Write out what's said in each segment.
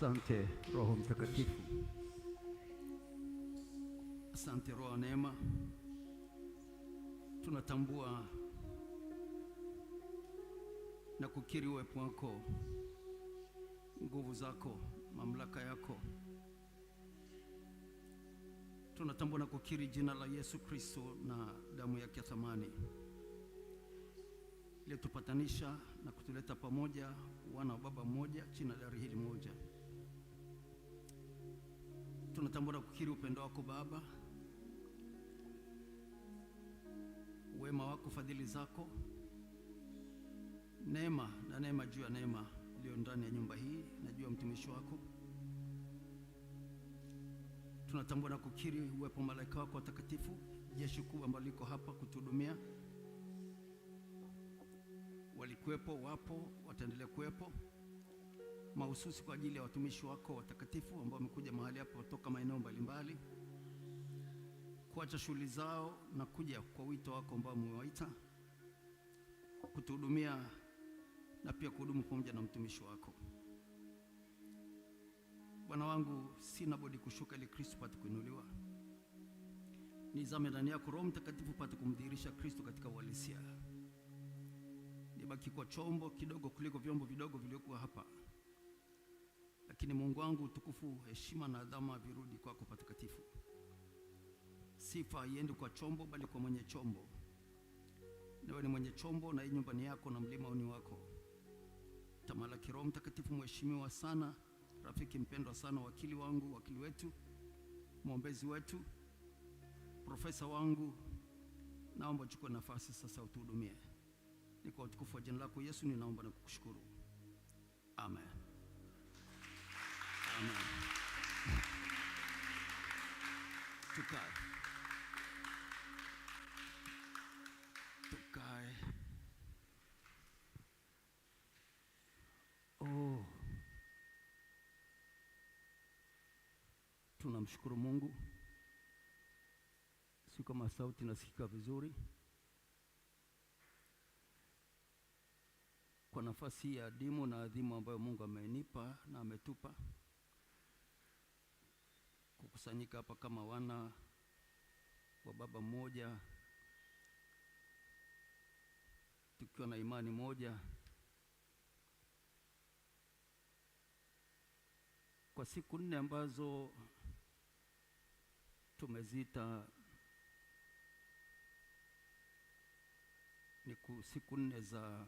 Asante Roho Mtakatifu, asante Roho neema. Tunatambua na kukiri uwepo wako, nguvu zako, mamlaka yako. Tunatambua na kukiri jina la Yesu Kristo na damu yake ya thamani iliyotupatanisha na kutuleta pamoja wana wa baba mmoja chini ya dari hili moja tunatambua na kukiri upendo wako Baba, wema wako, fadhili zako, neema na neema juu ya neema iliyo ndani ya nyumba hii na juu ya mtumishi wako. Tunatambua na kukiri uwepo malaika wako watakatifu, jeshi kubwa ambalo liko hapa kutuhudumia. Walikuwepo, wapo, wataendelea kuwepo mahususi kwa ajili ya watumishi wako watakatifu ambao wamekuja mahali hapa kutoka maeneo mbalimbali kuacha shughuli zao na kuja kwa wito wako ambao umewaita kutuhudumia na pia kuhudumu pamoja na mtumishi wako. Bwana wangu, sina budi kushuka ili Kristo pate kuinuliwa. Nizame ndani yako Roho Mtakatifu pate kumdhihirisha Kristo katika uhalisia. Nibaki kwa chombo kidogo kuliko vyombo vidogo vilivyokuwa hapa. Lakini Mungu wangu, utukufu, heshima na adhama virudi kwako patakatifu. Sifa iende kwa chombo, bali kwa mwenye chombo. Nawe ni mwenye chombo, na hii nyumbani yako na mlima uni wako. Tamalaki Roho Mtakatifu, mheshimiwa sana, rafiki mpendwa sana, wakili wangu, wakili wetu, mwombezi wetu, profesa wangu, naomba uchukue nafasi sasa, utuhudumie. Ni kwa utukufu wa jina lako Yesu ninaomba na kukushukuru, amen. Tukae, tukae. Oh, tunamshukuru Mungu. Si kama sauti nasikika vizuri kwa nafasi ya adimu na adhimu ambayo Mungu amenipa na ametupa kukusanyika hapa kama wana wa baba mmoja, tukiwa na imani moja. Kwa siku nne ambazo tumezita ni siku nne za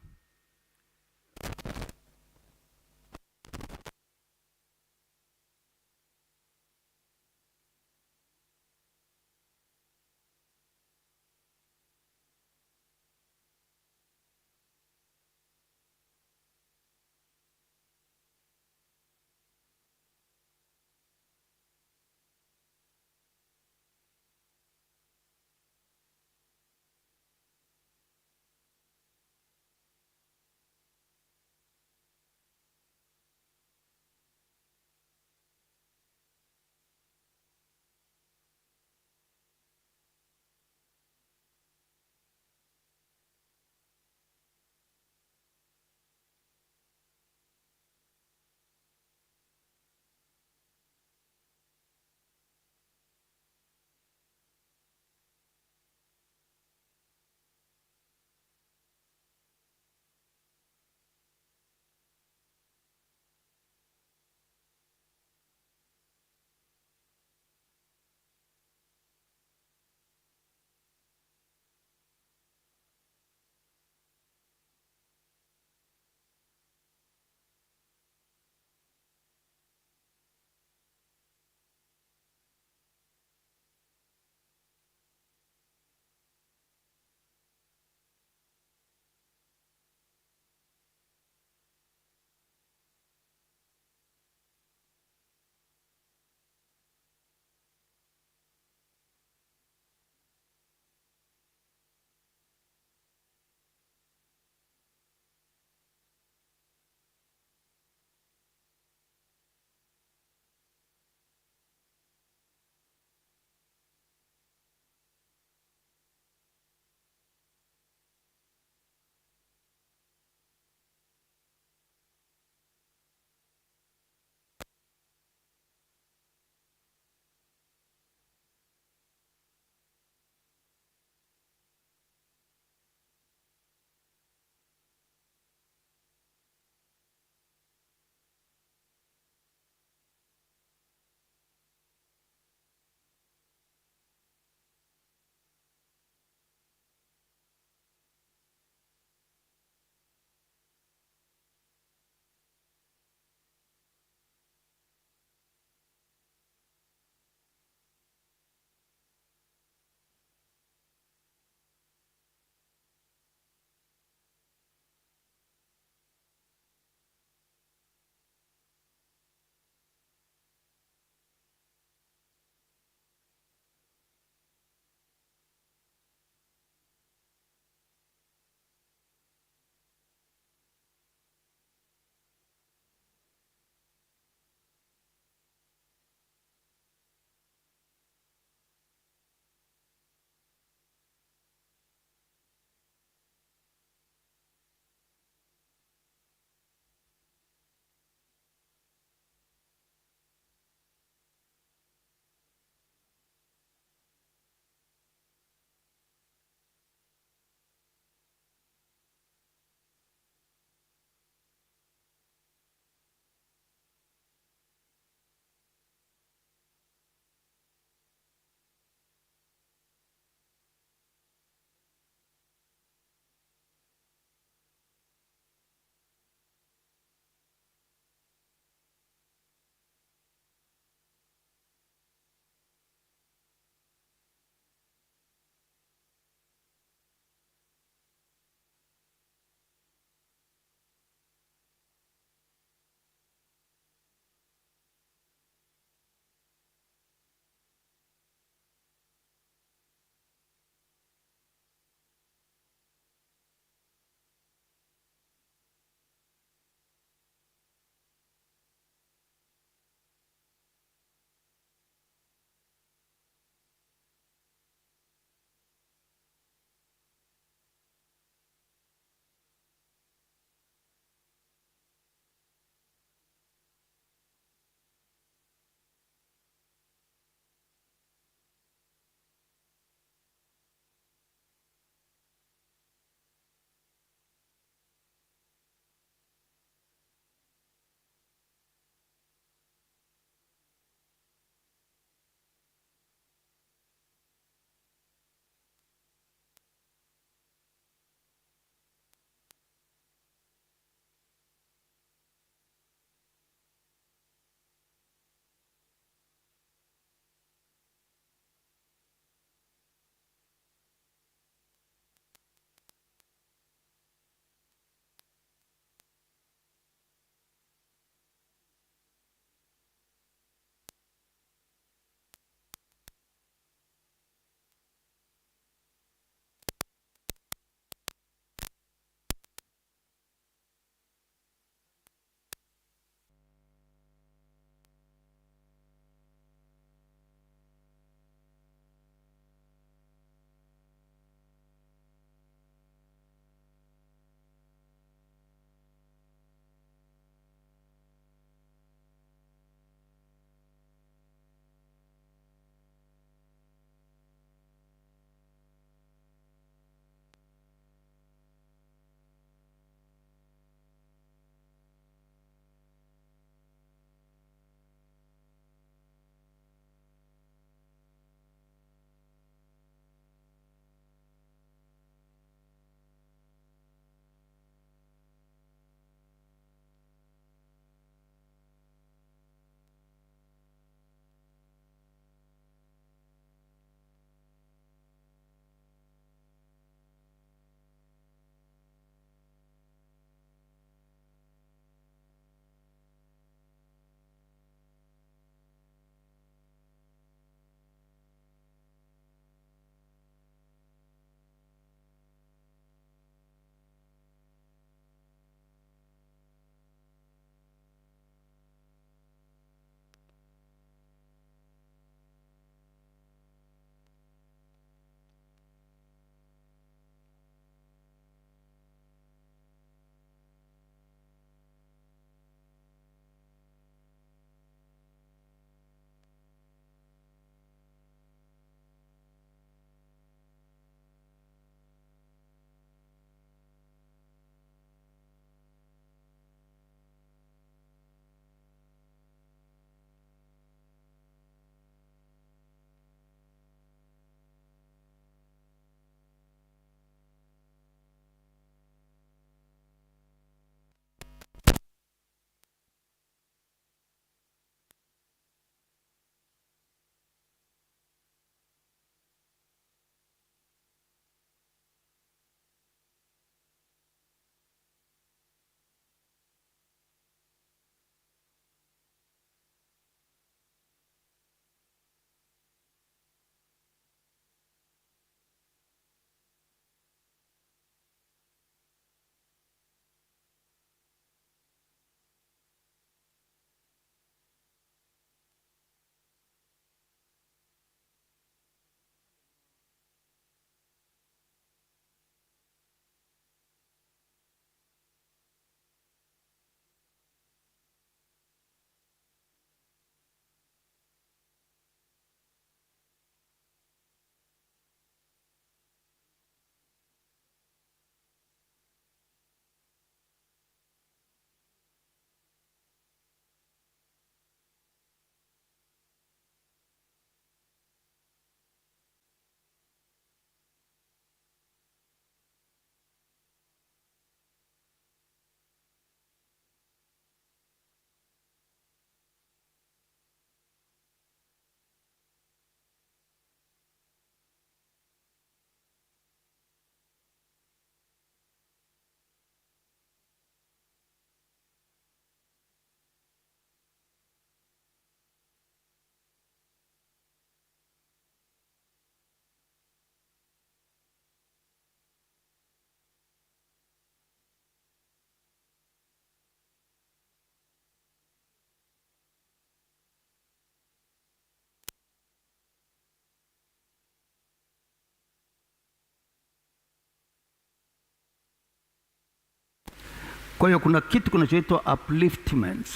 Kwa hiyo kuna kitu kinachoitwa upliftment.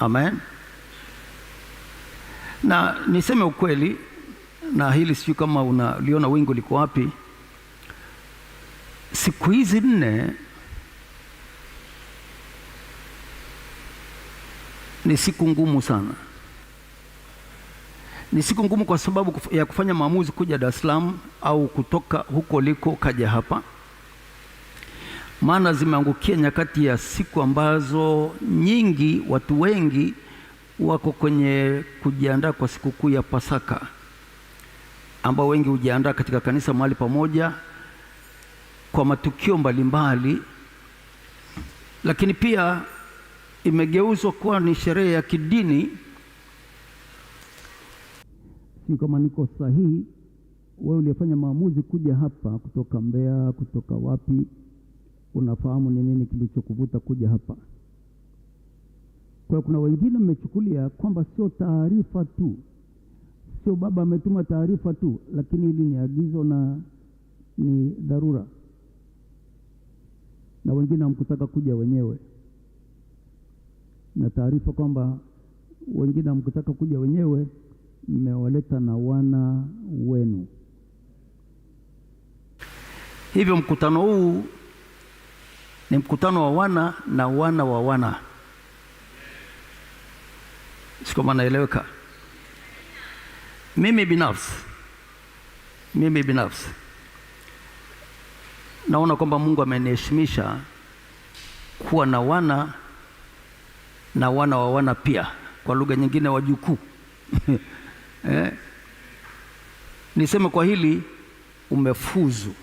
Amen. Na niseme ukweli, na hili sijui kama unaliona wingu liko wapi, siku hizi nne ni siku ngumu sana. Ni siku ngumu kwa sababu ya kufanya maamuzi kuja Dar es Salaam au kutoka huko liko kaja hapa maana zimeangukia nyakati ya siku ambazo nyingi, watu wengi wako kwenye kujiandaa kwa sikukuu ya Pasaka, ambao wengi hujiandaa katika kanisa mahali pamoja kwa matukio mbalimbali mbali. Lakini pia imegeuzwa kuwa ni sherehe ya kidini. Sio kama niko sahihi, wewe uliyefanya maamuzi kuja hapa kutoka Mbeya, kutoka wapi unafahamu ni nini kilichokuvuta kuja hapa. Kwa kuna wengine mmechukulia kwamba sio taarifa tu, sio baba ametuma taarifa tu, lakini hili ni agizo na ni dharura, na wengine hamkutaka kuja wenyewe na taarifa kwamba wengine hamkutaka kuja wenyewe, mmewaleta na wana wenu. Hivyo mkutano huu ni mkutano wa wana na wana wa wana. Sio naeleweka? Mimi binafsi, mimi binafsi naona kwamba Mungu ameniheshimisha kuwa na wana na wana wa wana, pia kwa lugha nyingine wajukuu eh? Niseme kwa hili umefuzu,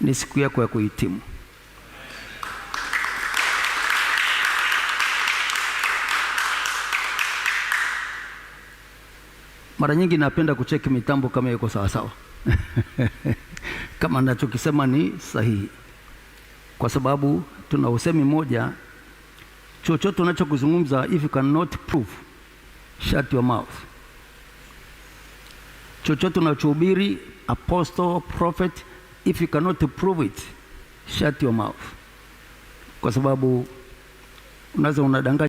ni siku yako ya kuhitimu. Mara nyingi napenda kucheki mitambo kama iko sawasawa kama nachokisema ni sahihi, kwa sababu tuna usemi moja, chochote unachokuzungumza if you cannot prove shut your mouth. Chochote unachohubiri apostle, prophet, if you cannot prove it shut your mouth, kwa sababu unaweza unadanganya